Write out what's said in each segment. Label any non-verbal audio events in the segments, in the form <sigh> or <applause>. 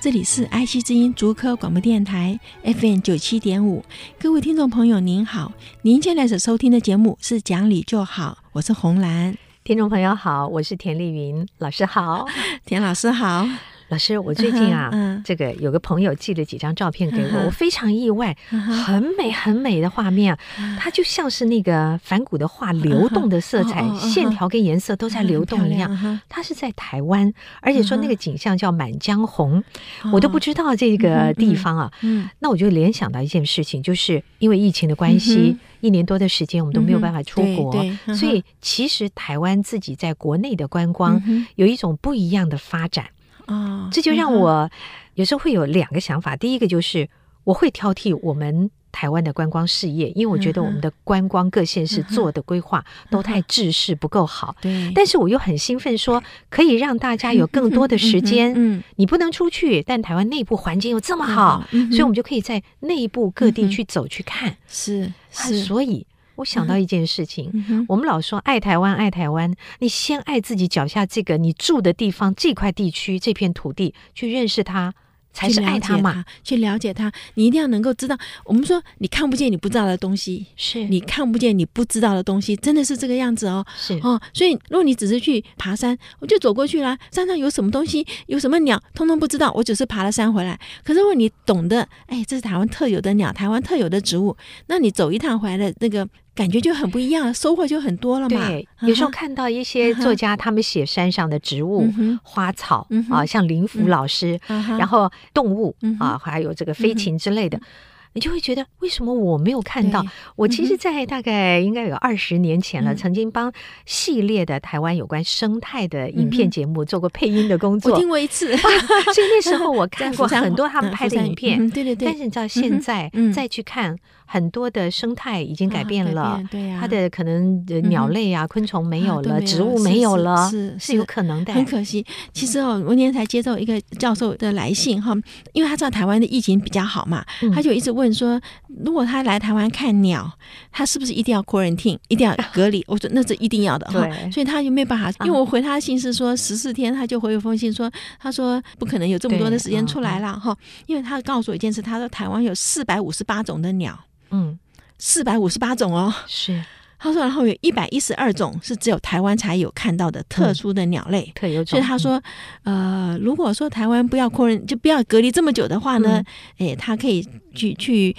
這裡是 IC 之音竹科廣播電台 FM 九七點五，各位聽眾朋友您好，您現在所收聽的節目是講理就好，我是洪蘭。聽眾朋友好，我是田麗雲，老師好， <laughs> 田老師好。老師，我最近啊、嗯嗯，這個有個朋友寄了幾張照片給我，我、嗯、非常意外、嗯，很美很美的畫面、啊嗯，它就像是那個仿古的畫、嗯，流動的色彩，嗯嗯、線條跟顏色都在流動一、嗯、樣、嗯嗯。它是在台灣，而且說那個景象叫滿江紅、嗯，我都不知道這個地方啊。嗯，嗯，嗯，那我就聯想到一件事情，就是因為疫情的關係、嗯，一年多的時間我們都沒有辦法出國，嗯嗯、所以其實台灣自己在國內的觀光有一種不一樣的發展。嗯啊、哦，這就讓我有時候會有兩個想法、嗯。第一個就是我會挑剔我們台灣的觀光事業、嗯，因為我覺得我們的觀光各縣市做的規劃都太制式不夠好。嗯、但是我又很興奮，說可以讓大家有更多的時間、嗯嗯嗯嗯。你不能出去，但台灣內部環境又這麼好，嗯嗯、所以我們就可以在內部各地去走去看。嗯、是是、啊，所以。我想到一件事情，嗯嗯，我們老說愛台灣，愛台灣，你先愛自己腳下這個你住的地方，這塊地區，這片土地，去認識它，才是愛它嘛。去了解它，解它你一定要能夠知道。我們說你看不見你不知道的東西，是你看不見你不知道的東西，真的是這個樣子哦。是哦，所以如果你只是去爬山，我就走過去了，啊，山上有什麼東西，有什麼鳥，通通不知道，我只是爬了山回來。可是如果你懂得，哎，這是台灣特有的鳥，台灣特有的植物，那你走一趟回來的那個。感覺就很不一樣，收穫就很多了嘛。對、啊，有時候看到一些作家他們寫山上的植物、嗯、花草啊、嗯，像林福老師，嗯、然後動物啊、嗯，還有這個飛禽之類的、嗯，你就會覺得為什麼我沒有看到？我其實，在大概應該有二十年前了、嗯，曾經幫系列的台灣有關生態的影片節目做過配音的工作。嗯、我聽過一次，所、啊、以那時候我看過很多他們拍的影片。嗯嗯、對對對。但是你到現在、嗯嗯、再去看。很多的生態已經改變了，啊、改變對呀、啊，它的可能鳥類啊、嗯、昆蟲沒有了、啊沒有，植物沒有了，是是，是，是有可能的、的。很可惜，其實哦，我今天才接受一個教授的來信哈，因為他知道台灣的疫情比較好嘛、嗯，他就一直問說，如果他來台灣看鳥，他是不是一定要 quarantine，一定要隔離？啊、我說那是一定要的哈，所以他就沒辦法。因為我回他的信是說十四天，他就回一封信說，他說不可能有這麼多的時間出來了哈、哦嗯，因為他告訴我一件事，他說台灣有四百五十八種的鳥。嗯，四百五十八種哦，是。他說，然後有一百一十二種是只有台灣才有看到的特殊的鳥類、嗯、特有種。所以他說、嗯，呃，如果說台灣不要關人，就不要隔離這麼久的話呢，誒、嗯哎，他可以去去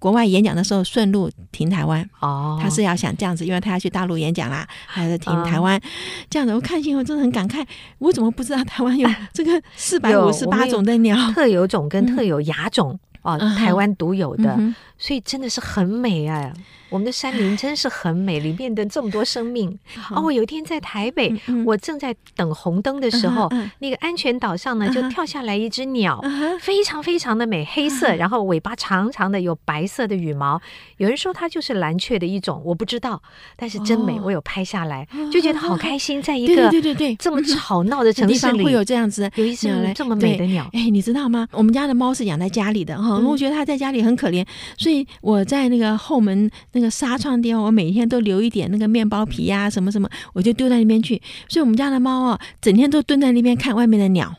國外演講的時候順路停台灣。哦，他是要想這樣子，因為他要去大陸演講啦，哦、還是停台灣、嗯、這樣子？我看新聞真的很感慨、嗯，我怎麼不知道台灣有這個四百五十八種的鳥有有特有種跟特有亞種、嗯？嗯。哦，台灣獨有的、嗯嗯，所以真的是很美啊。我們的山林真是很美，裡面的這麼多生命。Uh -huh. 哦，我有一天在台北，uh -huh. 我正在等紅燈的時候，uh -huh. 那個安全島上呢，uh -huh. 就跳下來一隻鳥，uh -huh. 非常非常的美，黑色，uh -huh. 然後尾巴長長的，有白色的羽毛。有人說它就是藍雀的一種，我不知道，但是真美，oh. 我有拍下來，就覺得好開心。在一個對對對這麼吵鬧的城市裡，對對對對對對有會有這樣子、嗯、有一隻這麼美的鳥。哎，你知道嗎？我們家的貓是養在家裡的哈，我覺得它在家裡很可憐，uh -huh. 所以我在那個後門那個。紗窗底下，我每天都留一點那個麵包皮呀，什麼什麼，我就丟在那邊去。所、嗯、以，我們家的貓啊，整天都蹲在那邊看外面的鳥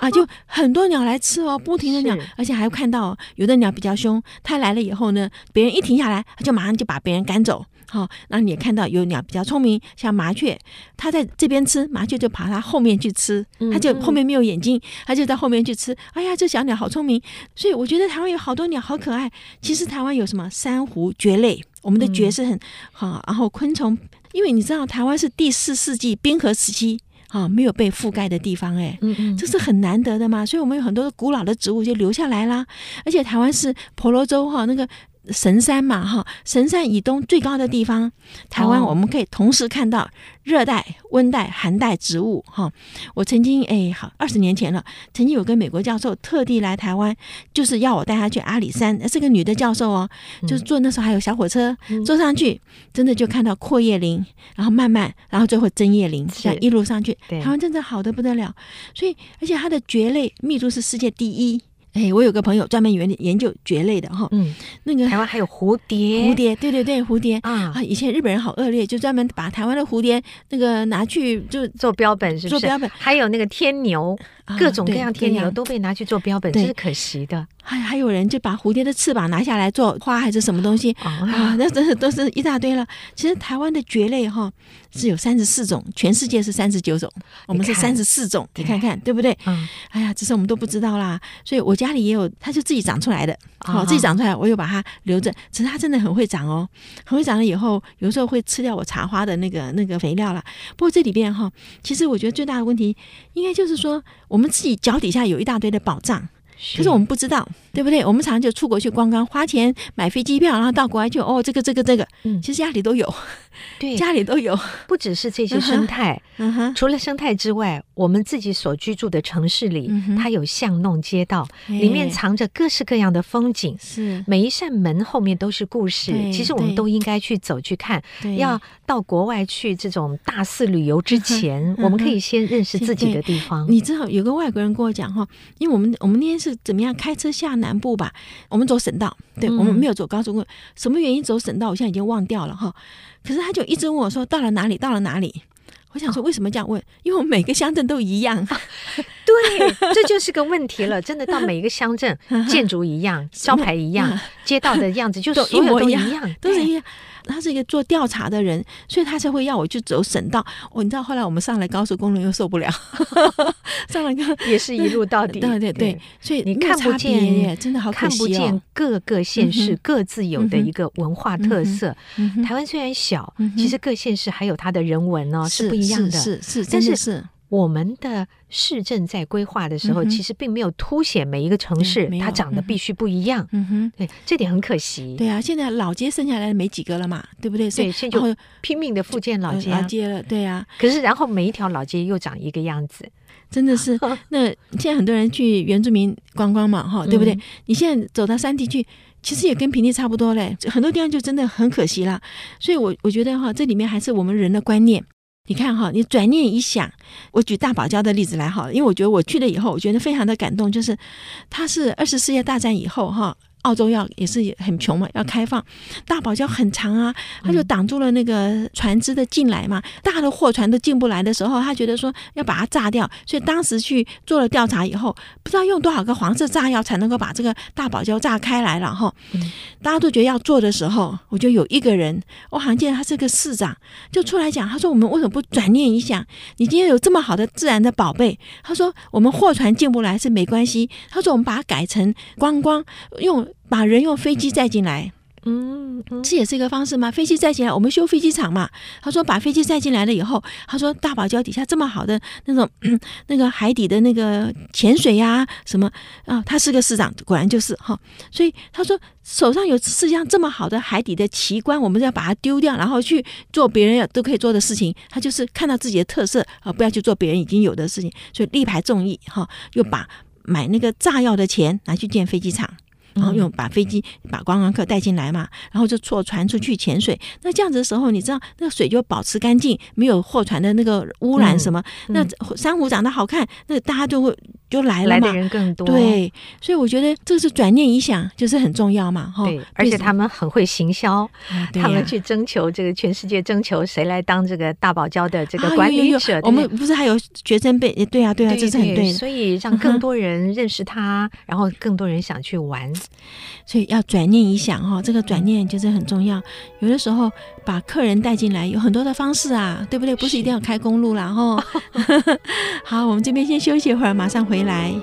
啊，就很多鳥來吃哦，不停的鳥，而且還看到、哦、有的鳥比較凶，它來了以後呢，別人一停下來，它就馬上就把別人趕走。好、哦，那你也看到有鳥比較聰明，像麻雀，它在這邊吃，麻雀就爬它後面去吃，它就後面沒有眼睛，它就在後面去吃。哎呀，這小鳥好聰明。所以，我覺得台灣有好多鳥好可愛。其實，台灣有什麼珊瑚、蕨類。我們的蕨是很好、嗯哦，然後昆蟲，因為你知道台灣是第四世紀冰河時期啊、哦，沒有被覆蓋的地方，哎、嗯嗯，這是很難得的嘛，所以，我們有很多古老的植物就留下來啦。而且，台灣是婆羅洲哈、哦、那個。神山嘛，哈，神山以東最高的地方，台灣我們可以同時看到熱帶、溫帶、寒帶植物，哈。我曾經哎，好二十年前了，曾經有個美國教授特地來台灣，就是要我帶他去阿里山，是個女的教授哦，就是坐那時候還有小火車，坐上去真的就看到闊葉林，然後慢慢，然後最後針葉林，這樣一路上去，台灣真的好得不得了。所以，而且它的蕨類密度是世界第一。哎，我有個朋友專門研研究蕨類的哈，嗯，那個台灣還有蝴蝶，蝴蝶，對對對，蝴蝶啊，以前日本人好惡劣，就專門把台灣的蝴蝶那個拿去就做標本，是不是？做標本，還有那個天牛，啊、各種各樣的天牛都被拿去做標本，這、啊就是可惜的。哎還有人就把蝴蝶的翅膀拿下來做花還是什麼東西啊？那、啊、真、啊、是都是一大堆了。其實台灣的蕨類哈是有三十四種，全世界是三十九種，我們是三十四種，你看看對不對？嗯，哎呀，只是我們都不知道啦。所以，我。家裡也有，它就自己長出來的，好、哦、自己長出來，我又把它留着。其實它真的很會長哦，很會長了以後，有時候會吃掉我茶花的那個那個肥料了。不過這裡邊哈，其實我覺得最大的問題，應該就是說我們自己腳底下有一大堆的寶藏，可是，是我們不知道，對不對？我們常常就出國去觀光，花錢買飛機票，然後到國外去，哦，這個這個這個，其實家裡都有。嗯對，家裡都有，不只是這些生態。Uh -huh, uh -huh, 除了生態之外，我們自己所居住的城市裡，uh -huh, 它有巷弄、街道，uh -huh, 裡面藏着各式各樣的風景。是、uh -huh, 每一扇門後面都是故事。Uh -huh, 其實我們都應該去走去看。Uh -huh, 要到國外去這種大肆旅遊之前，uh -huh, 我們可以先認識自己的地方。Uh -huh, 你知道有個外國人跟我講哈，因為我們我們那天是怎麼樣開車下南部吧？我們走省道，對，uh -huh, 我們沒有走高速公路。什麼原因走省道？我現在已經忘掉了哈。可是他就一直問我說：“到了哪裡？到了哪裡？”我想說，為什麼這樣問？哦、因為我們每個鄉鎮都一樣，啊、對， <laughs> 這就是個問題了。真的到每一個鄉鎮， <laughs> 建築一樣， <laughs> 招牌一樣， <laughs> 街道的樣子就是一模一樣，都是一,一樣。他是一個做調查的人，所以他才會要我去走省道。我、哦、你知道，後來我們上了高速公路又受不了，上 <laughs> 了 <laughs> 也是一路到底。對對對，對，所以你看不見，真的好可惜哦、看不見各個縣市、嗯、各自有的一個文化特色。嗯嗯嗯、台灣雖然小、嗯，其實各縣市還有它的人文呢、哦，是不？是一樣的是是是，真的是，但是是我們的市政在規劃的時候、嗯，其實並沒有凸顯每一個城市、嗯、它長得必須不一樣。嗯哼，對，這點很可惜。對、嗯、啊，現在老街剩下來沒幾個了嘛，對不對？對，所以現在就拼命的復建老街、啊，老街了，對啊，可是然後每一條老街又長一個樣子，真的是、啊呵呵。那現在很多人去原住民觀光嘛，哈、嗯，對不對？你現在走到山地去，其實也跟平地差不多嘞。很多地方就真的很可惜了。所以我，我我覺得哈，這裡面還是我們人的觀念。你看哈，你轉念一想，我舉大堡礁的例子來哈，因為我覺得我去了以後，我覺得非常的感動，就是它是二次世界大戰以後哈。澳洲要也是很窮嘛，要開放大堡礁很長啊，他就擋住了那個船隻的進來嘛、嗯，大的貨船都進不來的時候，他覺得說要把它炸掉，所以當時去做了調查以後，不知道用多少個黃色炸藥才能夠把這個大堡礁炸開來，然後大家都覺得要做的時候，我就有一個人，我好像記得他是個市長，就出來講，他說我們為什麼不轉念一想，你今天有這麼好的自然的寶貝，他說我們貨船進不來是沒關係，他說我們把它改成觀光光用。把人用飛機載進來，嗯，這也是一個方式嗎？飛機載進來，我們修飛機場嘛。他說把飛機載進來了以後，他說大堡礁底下這麼好的那種、嗯、那個海底的那個潛水呀、啊、什麼啊、哦，他是個市長，果然就是哈、哦。所以他說手上有世界上這麼好的海底的奇觀，我們要把它丟掉，然後去做別人要都可以做的事情。他就是看到自己的特色啊、哦，不要去做別人已經有的事情，所以力排眾議哈，又把買那個炸藥的錢拿去建飛機場。嗯、然後用把飛機、嗯、把觀光客帶進來嘛，然後就坐船出去潛水。那這樣子的時候，你知道那個水就保持乾淨，沒有貨船的那個污染什麼。嗯嗯、那珊瑚長得好看，那大家就會就來了嘛，來的人更多。對，所以我覺得這是轉念一想就是很重要嘛、哦對。對，而且他們很會行銷，嗯啊、他們去徵求這個全世界徵求誰來當這個大堡礁的這個管理者。我們不是還有學生輩？對啊，對啊，對對這是很對。所以讓更多人認識他，嗯、然後更多人想去玩。所以要轉念一想哈，這個轉念就是很重要。有的時候把客人帶進來有很多的方式啊，對不對？不是一定要開公路啦哈。 <laughs> 好，我們這邊先休息一會兒，馬上回來。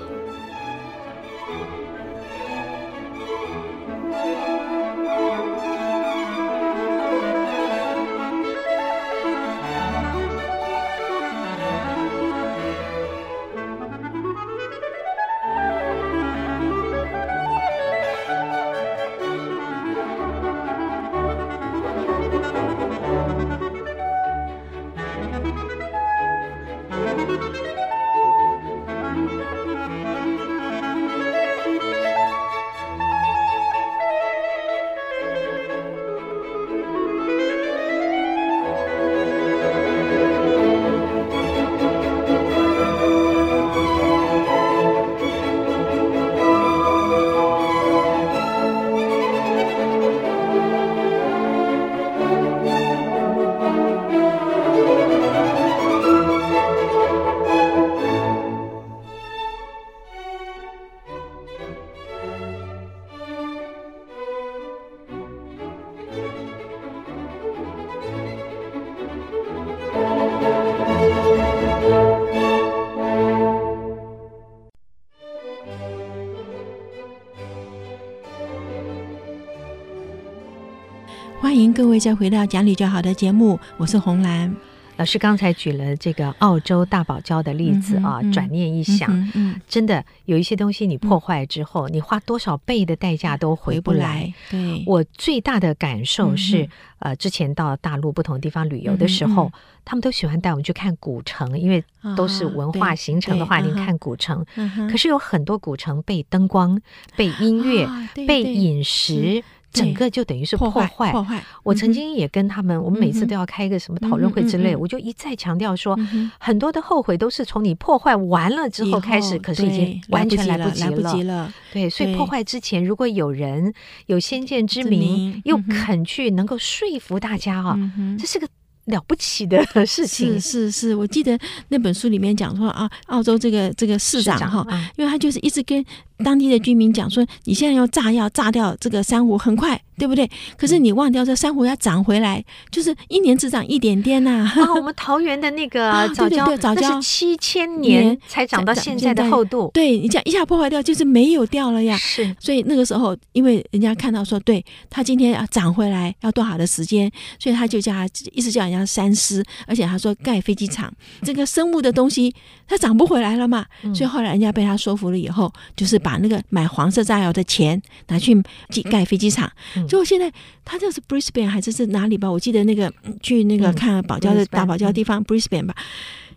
再回到講理就好的節目，我是洪蘭老師。剛才舉了這個澳洲大堡礁的例子、嗯、啊，轉念一想，嗯,嗯，真的有一些東西你破壞之後、嗯，你花多少倍的代價都回不來。回不來對我最大的感受是、嗯，呃，之前到大陸不同地方旅遊的時候、嗯嗯，他們都喜歡帶我們去看古城，因為都是文化行程的話、啊，您看古城、嗯。可是有很多古城被燈光、被音樂、啊、對對被飲食。嗯整個就等於是破壞，破壞。我曾經也跟他們，嗯、我們每次都要開一個什麼討論會之類、嗯，我就一再強調說、嗯，很多的後悔都是從你破壞完了之後開始，可是已經完全來不及了，來不及了。對，對對，所以破壞之前，如果有人有先見之明，又肯去能夠說服大家啊、嗯，這是個了不起的事情。是是是，我記得那本書裡面講說啊，澳洲這個這個市長哈、嗯，因為他就是一直跟。當地的居民講說：“你現在用炸藥炸掉這個珊瑚，很快，對不對？可是你忘掉，這珊瑚要長回來，就是一年只長一點點吶、啊。啊、哦，我們桃園的那個藻礁，、啊、對對對藻礁，那是七千年才長到現在的厚度。對你講，一下破壞掉，就是沒有掉了呀。是。所以那個時候，因為人家看到說，對他今天要長回來要多少的時間，所以他就叫它，一直叫人家三思。而且他說蓋飛機場，這個生物的東西它長不回來了嘛。所以後來人家被他說服了以後，就是把。把那個買黃色炸藥的錢拿去蓋飛機場，就、嗯、現在他這是 Brisbane 還是是哪裡吧？我記得那個去那個看堡礁的大堡礁地方、嗯、Brisbane 吧、嗯。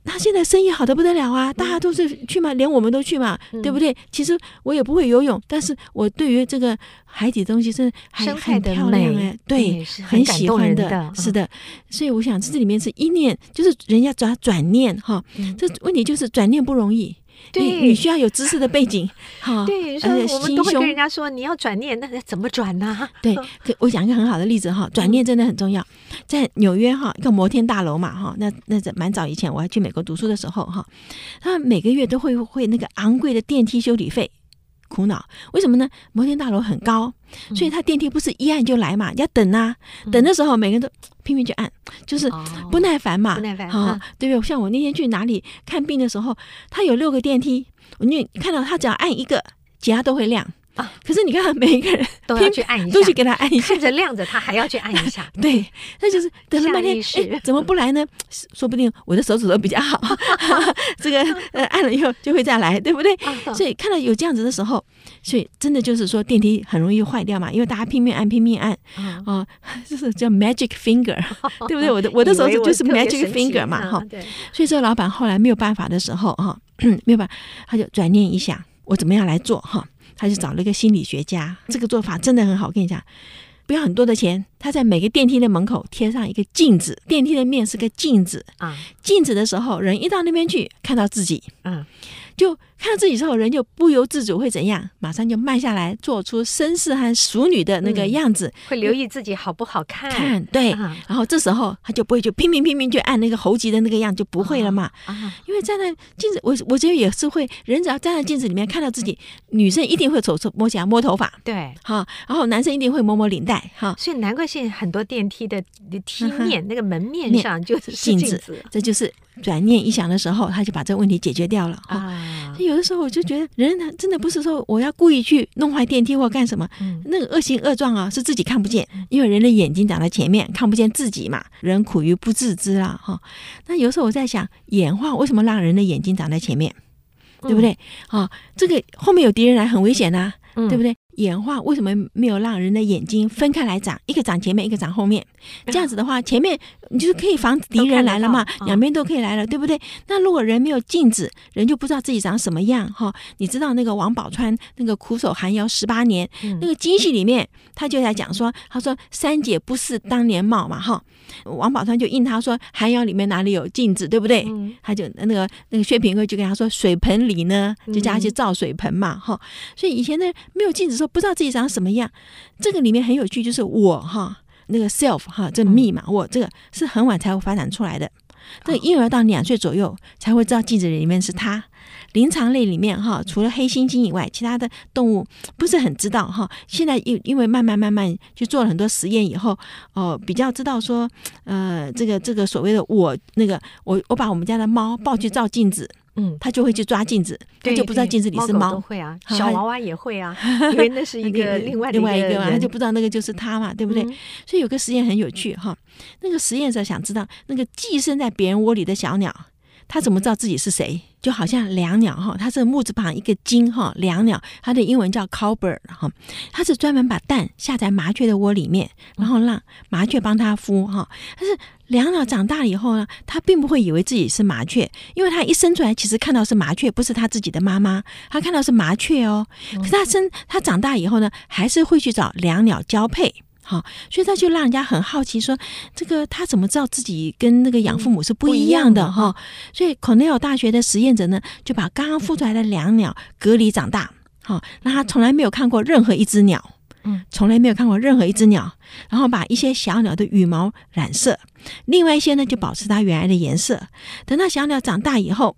他現在生意好得不得了啊、嗯！大家都是去嘛，連我們都去嘛、嗯，對不對？其實我也不會游泳，但是我對於這個海底的東西真的很、欸，是很漂亮的哎，對，很喜歡的，嗯、是的。所以我想，這裡面是一念，就是人家轉轉念哈、嗯哦。這問題就是轉念不容易。對，你需要有知識的背景，好，對，呃，我們都會跟人家說，你要轉念，那那怎麼轉呢、啊？對， <laughs> 我講一個很好的例子哈，轉念真的很重要。在紐約哈，一個摩天大樓嘛哈，那那在蠻早以前，我還去美國讀書的時候哈，他每個月都會會那個昂貴的電梯修理費。苦惱，為什麼呢？摩天大樓很高，所以他電梯不是一按就來嘛，嗯、要等啊。等的時候，每個人都拼命去按，就是不耐煩嘛，哦、啊，對不對？像我那天去哪裡看病的時候，他有六個電梯，我看到他只要按一個，其他都會亮。可是你看，每一個人都去按一下，都去給他按一下，現在亮着，他還要去按一下。嗯、對，那就是等了半天誒，怎麼不來呢？說不定我的手指頭比較好， <laughs> 這個呃按了以後就會再來，對不對？ <laughs> 所以看到有這樣子的時候，所以真的就是說電梯很容易壞掉嘛，因為大家拼命按，拼命按，啊、呃，就是叫 magic finger， <laughs> 對不對？我的我的手指就是 magic finger 嘛，哈。對。所以說，老闆後來沒有辦法的時候，哈，沒有辦法，他就轉念一想，我怎麼樣來做，哈。他就找了一個心理學家，這個做法真的很好。我跟你講，不要很多的錢，他在每個電梯的門口貼上一個鏡子，電梯的面是個鏡子啊。鏡子的時候，人一到那邊去，看到自己，嗯，就。看到自己之後，人就不由自主會怎樣？馬上就慢下來，做出紳士和淑女的那個樣子，嗯，會留意自己好不好看。看對，uh -huh. 然後這時候他就不會就拼命拼命去按那個猴急的那個樣，就不會了嘛。啊、uh -huh.，因為站在鏡子，我我覺得也是會，人只要站在鏡子裡面看到自己，女生一定會手手摸起來摸頭髮，uh -huh. 摸摸對，哈、啊，然後男生一定會摸摸領帶，哈、啊。所以難怪現在很多電梯的梯面，uh -huh. 那個門面上就是鏡子，鏡子，這就是轉念一想的時候， <laughs> 他就把這個問題解決掉了啊。哦 uh -huh. 有的時候我就覺得，人呢真的不是說我要故意去弄壞電梯或幹什麼，那個惡形惡狀啊，是自己看不見，因為人的眼睛長在前面，看不見自己嘛。人苦於不自知啊，哈、哦。那有時候我在想，演化為什麼讓人的眼睛長在前面，對不對？啊、嗯哦，這個後面有敵人來很危險吶、啊。對不對？演化為什麼沒有讓人的眼睛分開來長？一個長前面，一個長後面。這樣子的話，前面你就是可以防止敵人來了嘛，兩邊都可以來了，對不對？那如果人沒有鏡子，人就不知道自己長什麼樣哈。你知道那個王寶钏那個苦守寒窑十八年、嗯、那個京戲裡面，他就在講說，他說三姐不是當年貌嘛哈。王寶钏就應他說，寒窑裡面哪裡有鏡子，對不對？嗯、他就那個那個薛平貴就跟他說，水盆裡呢，就叫他去照水盆嘛哈。所以以前呢。沒有鏡子，說不知道自己長什麼樣。這個裡面很有趣，就是我哈那個 self 哈這個、密碼，我這個是很晚才會發展出來的。這個、嬰兒到兩歲左右才會知道鏡子裡面是他。靈長類裡面哈，除了黑猩猩以外，其他的動物不是很知道哈。現在因因為慢慢慢慢去做了很多實驗以後，哦、呃，比較知道說，呃，這個這個所謂的我那個我我把我們家的貓抱去照鏡子。嗯，他就會去抓鏡子，嗯，他就不知道鏡子裡是對對貓。都會啊，嗯，小娃娃也會啊，因 <laughs> 為那是一個另外個 <laughs> 另外一個嘛，他就不知道那個就是他嘛，對不對？嗯，所以有個實驗很有趣哈，那個實驗者想知道那個寄生在別人窩裡的小鳥。他怎麼知道自己是誰？就好像椋鳥哈，它是木字旁一個京哈，椋鳥它的英文叫 cowbird 哈，它是專門把蛋下在麻雀的窩裡面，然後讓麻雀幫它孵哈。但是椋鳥長大了以後呢，它並不會以為自己是麻雀，因為它一生出來其實看到是麻雀，不是它自己的媽媽，它看到是麻雀哦。可是它生它長大以後呢，還是會去找椋鳥交配。好、哦，所以他就讓人家很好奇說，說這個他怎麼知道自己跟那個養父母是不一樣的哈、嗯哦？所以康乃爾大學的實驗者呢，就把剛剛孵出來的兩鳥隔離長大，好、哦，那他從來沒有看過任何一只鳥，嗯，從來沒有看過任何一只鳥，然後把一些小鳥的羽毛染色，另外一些呢就保持它原來的顏色。等到小鳥長大以後，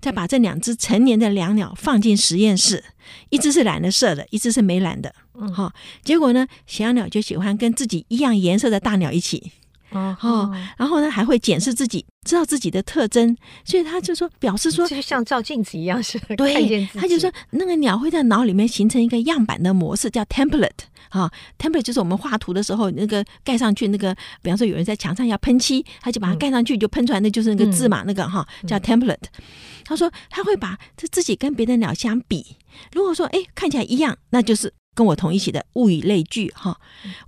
再把這兩只成年的兩鳥放進實驗室。一只是染了色的，一只是沒染的，嗯哈。結果呢，小鳥就喜歡跟自己一樣顏色的大鳥一起。哦，哦，然後呢，還會檢視自己，知道自己的特徵，所以他就說，表示說，就像照鏡子一樣是，是對，看見自己。他就說，那個鳥會在腦裡面形成一個樣板的模式，叫 template 啊、哦、，template 就是我們畫圖的時候，那個蓋上去，那個比方說有人在牆上要噴漆，他就把它蓋上去，嗯、就噴出來，那就是那個字嘛、嗯，那個哈叫 template。他說他會把這自己跟別的鳥相比，如果說哎看起來一樣，那就是。跟我同一起的物以類聚哈、哦，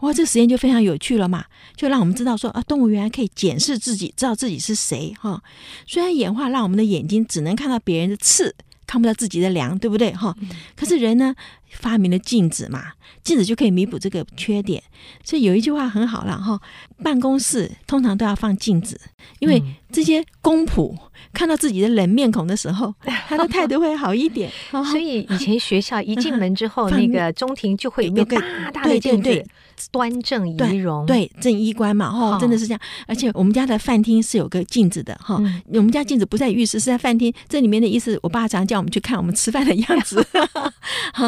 哇，這實驗就非常有趣了嘛，就讓我們知道說啊，動物原來可以檢視自己，知道自己是誰哈、哦。雖然演化讓我們的眼睛只能看到別人的刺，看不到自己的梁，對不對哈、哦？可是人呢？嗯發明了鏡子嘛？鏡子就可以彌補這個缺點。所以有一句話很好了哈、哦：辦公室通常都要放鏡子，因為這些公僕、嗯、看到自己的冷面孔的時候、嗯哎，他的態度會好一點、嗯哦。所以以前學校一進門之後，嗯、那個中庭就會一有個大大的鏡子，端正儀容，對，對正衣冠嘛哈、哦，真的是這樣。而且我們家的飯廳是有個鏡子的哈、哦嗯，我們家鏡子不在浴室，是在飯廳。這裡面的意思，我爸常，常叫我們去看我們吃飯的樣子，哈、哎。呵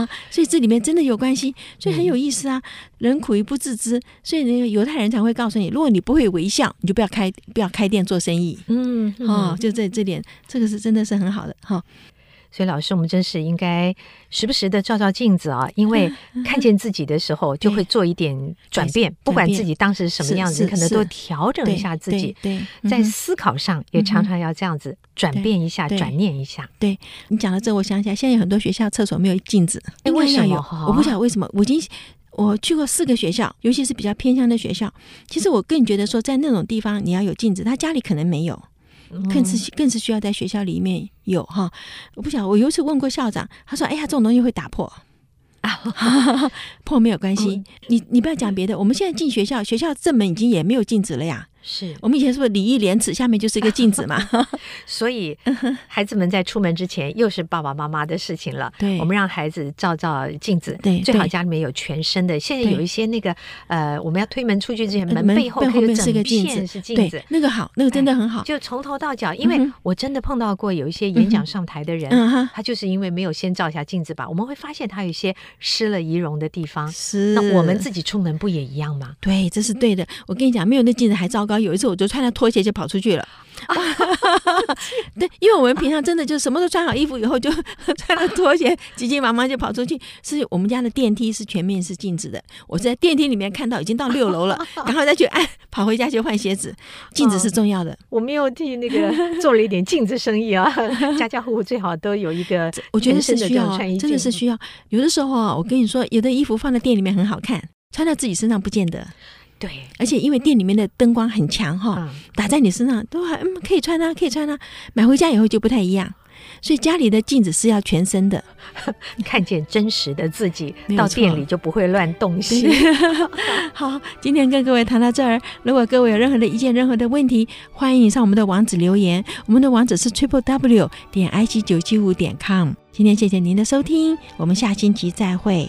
呵所以這裡面真的有關係，所以很有意思啊。嗯、人苦於不自知，所以呢，猶太人才會告訴你：如果你不會微笑，你就不要開不要開店做生意。嗯，哦，嗯、就這這點，這個是真的是很好的哈。哦所以老師，我們真是應該時不時的照照鏡子啊，因為看見自己的時候，就會做一點轉變。不管自己當時什麼樣子，可能都調整一下自己。對，在思考上也常常要這樣子轉變一下、轉念一下。對，對，對，對，對你講到這，我想起來，現在有很多學校廁所沒有鏡子，哎，為什麼？我不曉得為什麼。我已經我去過四個學校，尤其是比較偏鄉的學校。其實我更覺得說，在那種地方你要有鏡子，他家裡可能沒有。更是更是需要在學校裡面有哈，我不想。我有一次問過校長，他說：“哎呀，這種東西會打破， <laughs> <laughs> 破沒有關係，嗯，你你不要講別的，嗯，我們現在進學校，嗯，學校正門已經也沒有禁止了呀。”是我們以前是不是“禮義廉恥”下面就是一個鏡子嘛？ <laughs> 所以孩子們在出門之前又是爸爸媽媽的事情了。對，我們讓孩子照照鏡子，對，最好家裡面有全身的。現在有一些那個呃，我們要推門出去之前，門背後還有整個鏡子是鏡子，那個好，那個真的很好。哎、就從頭到腳，因為我真的碰到過有一些演講上台的人、嗯，他就是因為沒有先照一下鏡子吧，我們會發現他有一些失了儀容的地方。是，那我們自己出門不也一樣嗎？對，這是對的。我跟你講，沒有那鏡子還糟糕。有一次，我就穿着拖鞋就跑出去了、啊。 <laughs> 對，因為我們平常真的就什麼都穿好衣服以後，就穿着拖鞋、啊、急急忙忙就跑出去。所以我們家的電梯是全面是鏡子的。我是在電梯裡面看到已經到六樓了，然後再去按跑回家去換鞋子。鏡子是重要的、哦。我沒有替那個做了一點鏡子生意啊。 <laughs> 家家戶,戶戶最好都有一個，我覺得是需要、哦、的真的是需要。有的時候啊、哦，我跟你說，有的衣服放在店裡面很好看，穿在自己身上不見得。對，而且因為店裡面的燈光很強哈、嗯，打在你身上都還嗯可以穿啊，可以穿啊。買回家以後就不太一樣，所以家裡的鏡子是要全身的， <laughs> 看見真實的自己，到店裡就不會亂動心。對 <laughs> 好，今天跟各位談到這兒，如果各位有任何的意見、任何的問題，歡迎您上我們的網址留言。我們的網址是 triple w 點 i c 九七五點 com。今天謝謝您的收聽，我們下星期再會。